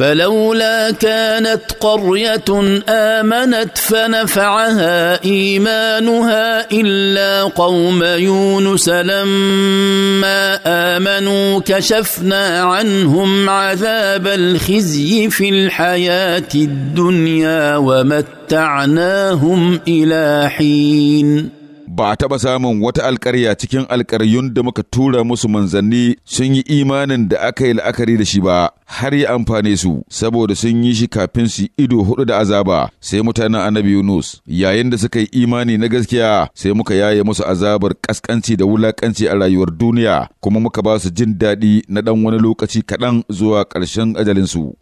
فلولا كانت قريه امنت فنفعها ايمانها الا قوم يونس لما امنوا كشفنا عنهم عذاب الخزي في الحياه الدنيا ومتعناهم الى حين ba a taɓa samun wata alƙarya cikin alƙaryun da muka tura musu manzanni sun yi imanin da aka yi la'akari da shi ba har ya amfane su saboda sun yi shi kafin su ido hudu da azaba sai mutanen annabi Yunus yayin da suka yi imani na gaskiya sai muka yaye musu azabar kaskanci da wulakanci a rayuwar duniya kuma muka ba su jin daɗi na ɗan wani lokaci kaɗan zuwa ƙarshen ajalinsu.